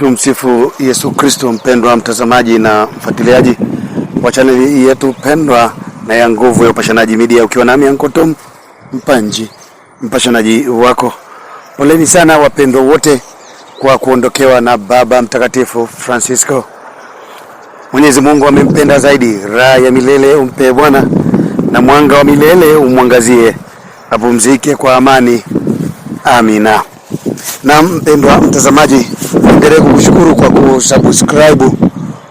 Tumsifu Yesu Kristo. Mpendwa mtazamaji na mfuatiliaji wa chaneli yetu pendwa na ya Nguvu ya Upashanaji Media, ukiwa nami ankotom Mpanji, mpashanaji wako. Poleni sana wapendwa wote kwa kuondokewa na Baba Mtakatifu Francisco. Mwenyezi Mungu amempenda zaidi, raha ya milele umpe Bwana, na mwanga wa milele umwangazie, apumzike kwa amani. Amina. Na mpendwa mtazamaji Niendelee kukushukuru kwa kusubscribe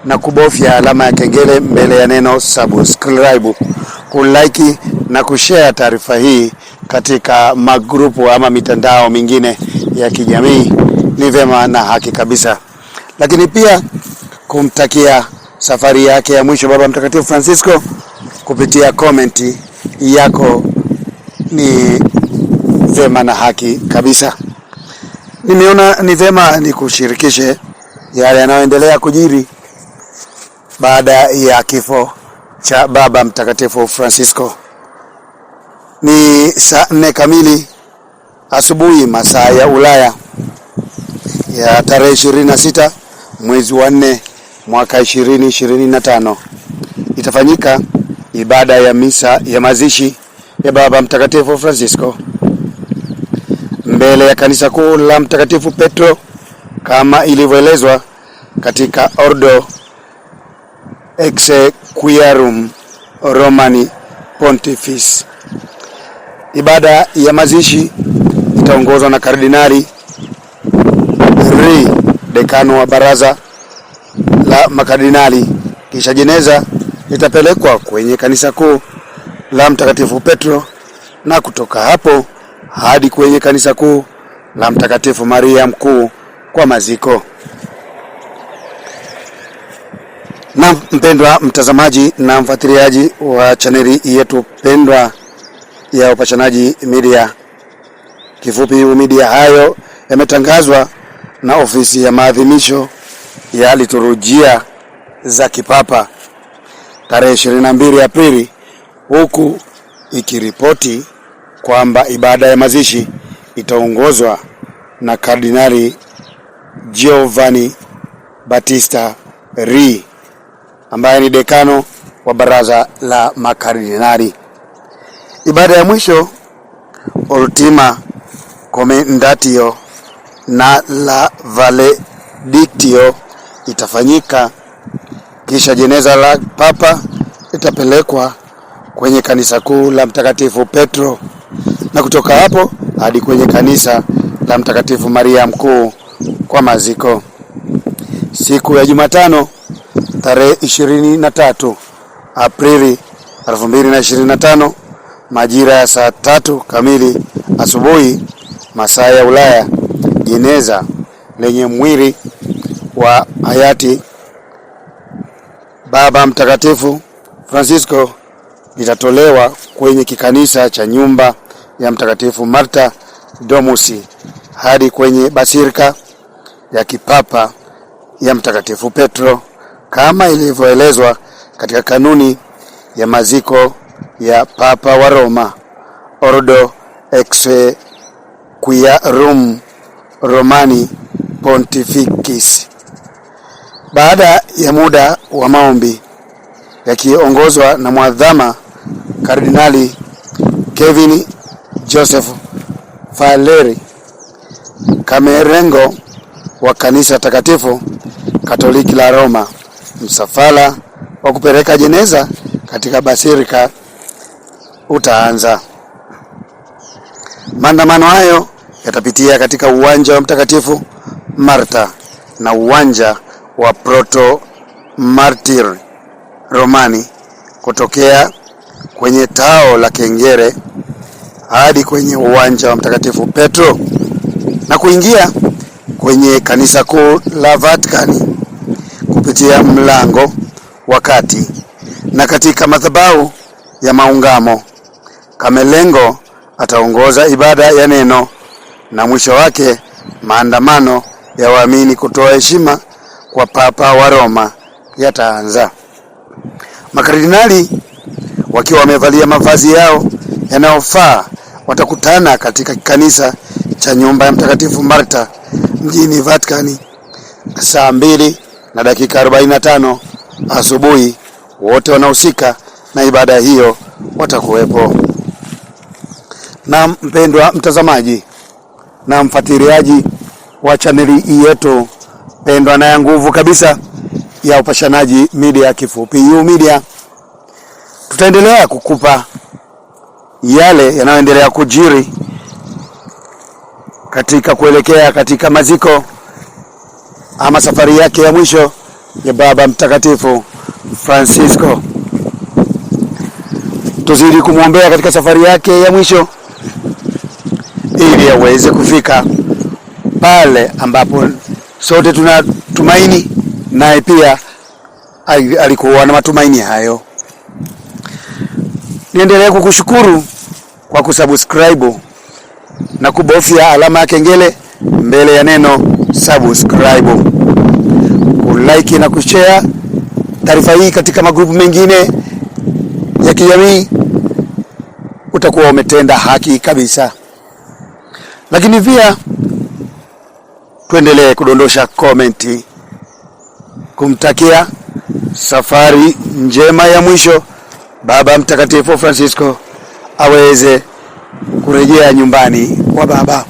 na kubofya alama ya kengele mbele ya neno subscribe, kulike na kushare taarifa hii katika magrupu ama mitandao mingine ya kijamii. Ni vema na haki kabisa, lakini pia kumtakia safari yake ya mwisho Baba Mtakatifu Francisco kupitia komenti yako ni vema na haki kabisa nimeona ni vema nikushirikishe yale yanayoendelea kujiri baada ya kifo cha Baba Mtakatifu Francisco. Ni saa nne kamili asubuhi masaa ya Ulaya ya tarehe 26 mwezi wa 4 mwaka 2025 itafanyika ibada ya misa ya mazishi ya Baba Mtakatifu Francisco mbele ya kanisa kuu la Mtakatifu Petro kama ilivyoelezwa katika Ordo Exequiarum Romani Pontifis. Ibada ya mazishi itaongozwa na Kardinali Ri, dekano wa baraza la makardinali, kisha jeneza litapelekwa kwenye kanisa kuu la Mtakatifu Petro na kutoka hapo hadi kwenye kanisa kuu la Mtakatifu Maria Mkuu kwa maziko. Na mpendwa mtazamaji na mfuatiliaji wa chaneli yetu pendwa ya Upashanaji Media, kifupi Umedia, hayo yametangazwa na ofisi ya maadhimisho ya liturujia za kipapa tarehe 22 Aprili, huku ikiripoti kwamba ibada ya mazishi itaongozwa na Kardinali Giovanni Battista Re ambaye ni dekano wa baraza la makardinali. Ibada ya mwisho ultima commendatio na la valedictio itafanyika, kisha jeneza la papa litapelekwa kwenye kanisa kuu la Mtakatifu Petro na kutoka hapo hadi kwenye kanisa la Mtakatifu Maria Mkuu kwa maziko. Siku ya Jumatano tarehe 23 Aprili 2025 majira ya saa tatu kamili asubuhi masaa ya Ulaya, jeneza lenye mwili wa hayati Baba Mtakatifu Francisco litatolewa kwenye kikanisa cha nyumba ya Mtakatifu Marta Domusi hadi kwenye basirika ya kipapa ya Mtakatifu Petro kama ilivyoelezwa katika kanuni ya maziko ya Papa wa Roma Ordo Exequiarum Romani Pontificis. Baada ya muda wa maombi yakiongozwa na mwadhama Kardinali Kevin Joseph Faleri Kamerengo wa kanisa takatifu Katoliki la Roma, msafara wa kupeleka jeneza katika basilika utaanza. Maandamano hayo yatapitia katika uwanja wa Mtakatifu Marta na uwanja wa Proto Martir Romani kutokea kwenye tao la kengere hadi kwenye uwanja wa Mtakatifu Petro na kuingia kwenye kanisa kuu la Vatikani kupitia mlango wa kati na katika madhabahu ya maungamo. Kamelengo ataongoza ibada ya neno na mwisho wake maandamano ya waamini kutoa heshima kwa Papa wa Roma yataanza. Makardinali wakiwa wamevalia mavazi yao yanayofaa watakutana katika kanisa cha nyumba ya Mtakatifu Marta mjini Vatican saa mbili na dakika 45 asubuhi. Wote wanahusika na ibada hiyo watakuwepo. Na mpendwa mtazamaji na mfuatiliaji wa chaneli yetu pendwa na ya nguvu kabisa ya Upashanaji Media, kifupi U Media, tutaendelea kukupa yale yanayoendelea kujiri katika kuelekea katika maziko ama safari yake ya mwisho ya Baba Mtakatifu Francisco. Tuzidi kumwombea katika safari yake ya mwisho ili aweze kufika pale ambapo sote tunatumaini, naye pia alikuwa na matumaini hayo. Niendelee kukushukuru kwa kusubscribe na kubofya alama ya kengele mbele ya neno subscribe, kulike na kushare taarifa hii katika magrupu mengine ya kijamii. Utakuwa umetenda haki kabisa. Lakini pia tuendelee kudondosha komenti, kumtakia safari njema ya mwisho Baba Mtakatifu Francisco aweze kurejea nyumbani kwa baba.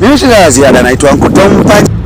Mimi sina ziada, naitwa Uncle